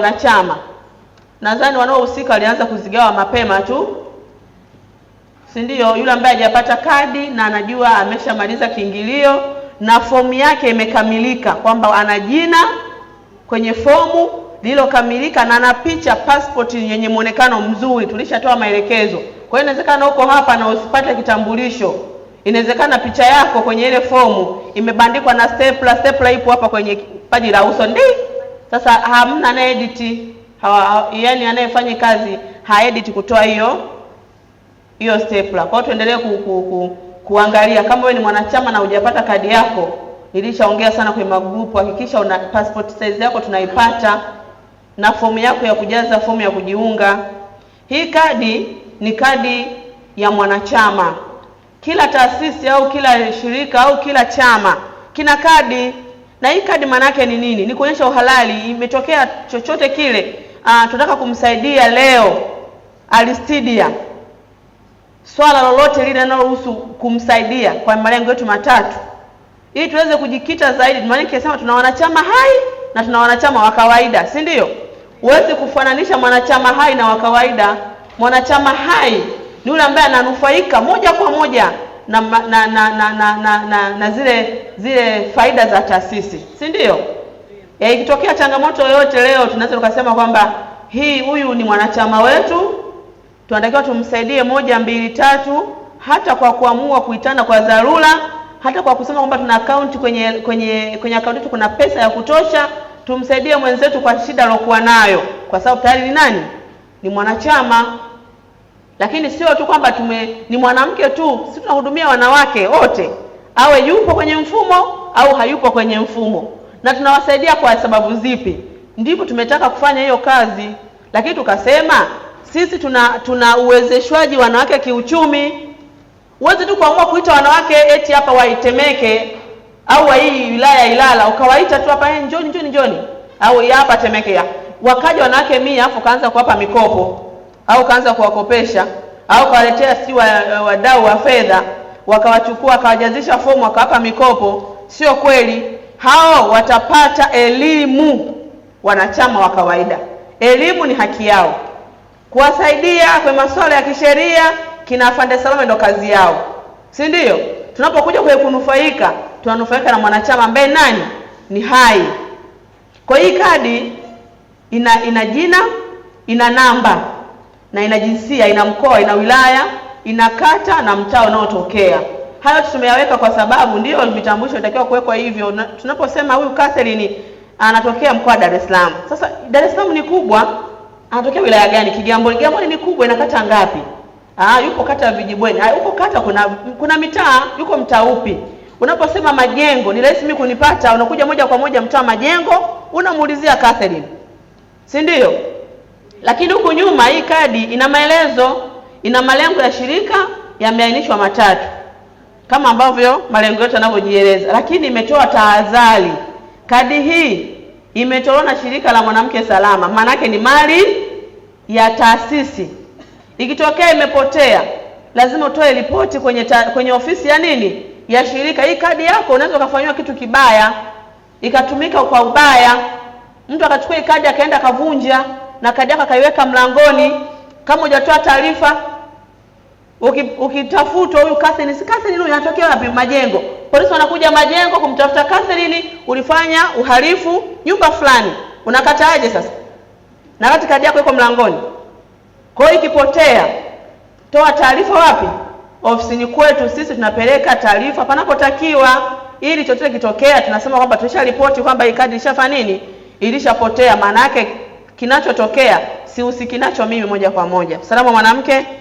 Wanachama nadhani wanaohusika walianza kuzigawa mapema tu, si ndio? Yule ambaye hajapata kadi na anajua ameshamaliza kiingilio na fomu yake imekamilika, kwamba ana jina kwenye fomu lililokamilika na ana picha passport yenye muonekano mzuri, tulishatoa maelekezo. Kwa hiyo inawezekana uko hapa na usipate kitambulisho, inawezekana picha yako kwenye ile fomu imebandikwa na stapler. Stapler ipo hapa kwenye paji la uso ndi sasa hamna anayeedit hawa, yani anayefanya kazi haedit kutoa hiyo hiyo stapler. Kwa hiyo tuendelee ku, ku, ku, kuangalia kama wewe ni mwanachama na hujapata kadi yako. Nilishaongea sana kwenye magrupu, hakikisha una passport size yako tunaipata na fomu yako ya kujaza fomu ya kujiunga. Hii kadi ni kadi ya mwanachama. Kila taasisi au kila shirika au kila chama kina kadi na hii kadi maana yake ni nini? Ni kuonyesha uhalali. Imetokea chochote kile, ah, tunataka kumsaidia leo Aristidia, swala lolote lile linalohusu kumsaidia kwa malengo yetu matatu, ili tuweze kujikita zaidi. Maana sema tuna wanachama hai na tuna wanachama wa kawaida, si ndio? Huwezi kufananisha mwanachama hai na wa kawaida. Mwanachama hai ni yule ambaye ananufaika moja kwa moja na na na na na, na, na, na zile zile faida za taasisi, si ndio? Yeah. Ikitokea changamoto yoyote leo tunaweza tukasema kwamba hii huyu ni mwanachama wetu, tunatakiwa tumsaidie moja mbili tatu, hata kwa kuamua kuitana kwa dharura, hata kwa kusema kwamba tuna akaunti kwenye kwenye kwenye akaunti yetu kuna pesa ya kutosha, tumsaidie mwenzetu kwa shida aliyokuwa nayo, kwa sababu tayari ni nani? Ni mwanachama. Lakini sio tu kwamba tume ni mwanamke tu, sisi tunahudumia wanawake wote, awe yupo kwenye mfumo au hayupo kwenye mfumo, na tunawasaidia kwa sababu zipi? Ndipo tumetaka kufanya hiyo kazi, lakini tukasema sisi tuna tuna uwezeshwaji wanawake kiuchumi. Huwezi tu kuamua kuita wanawake eti hapa Waitemeke au wa hii wilaya Ilala ukawaita tu hapa eh, njoni njoni njoni, au hapa Temeke, wakaja wanawake mia afu kaanza kuwapa mikopo au kaanza kuwakopesha au kawaletea si wadau wa, wa fedha wakawachukua wakawajazisha fomu wakawapa mikopo, sio kweli. Hao watapata elimu, wanachama wa kawaida. Elimu ni haki yao, kuwasaidia kwenye masuala ya kisheria. Kina afande Salome ndo kazi yao, si ndio? Tunapokuja kwenye kunufaika, tunanufaika na mwanachama ambaye nani ni hai. Kwa hii kadi ina ina jina, ina namba na ina jinsia, ina mkoa, ina wilaya, ina kata na mtaa unaotokea. Hayo tumeyaweka kwa sababu ndio vitambulisho vitakiwa kuwekwa hivyo, tunaposema huyu Catherine anatokea mkoa Dar es Salaam. Sasa Dar es Salaam ni kubwa, anatokea wilaya gani? Kigamboni, Kigamboni ni kubwa, ina kata ngapi? Ah, yuko kata ya Vijibweni. Ah, yuko kata, kuna kuna mitaa, yuko mtaa upi? Unaposema Majengo ni rahisi mimi kunipata, unakuja moja kwa moja mtaa Majengo, unamuulizia Catherine, si ndio? Lakini huku nyuma hii kadi ina maelezo, ina malengo ya shirika yameainishwa matatu kama ambavyo malengo yote yanavyojieleza, lakini imetoa tahadhari. Kadi hii imetolewa na shirika la mwanamke salama, maanake ni mali ya taasisi. Ikitokea imepotea, lazima utoe ripoti kwenye ta, kwenye ofisi ya nini ya shirika. Hii kadi yako unaweza ukafanyiwa kitu kibaya, ikatumika kwa ubaya, mtu akachukua hii kadi akaenda akavunja na kadi yako akaiweka mlangoni, kama hujatoa taarifa ukitafutwa huyu Catherine, si Catherine huyu anatokea wapi? Majengo. Polisi wanakuja Majengo kumtafuta Catherine, ulifanya uhalifu nyumba fulani, unakataaje sasa na wakati kadi yako iko mlangoni? Kwa hiyo ikipotea, toa taarifa wapi? Ofisini kwetu sisi tunapeleka taarifa panapotakiwa, ili chochote kitokea, tunasema kwamba tulisharipoti kwamba hii kadi ilishafanya nini, ilishapotea. Maana yake kinachotokea, sihusiki kinacho mimi moja kwa moja. salamu mwanamke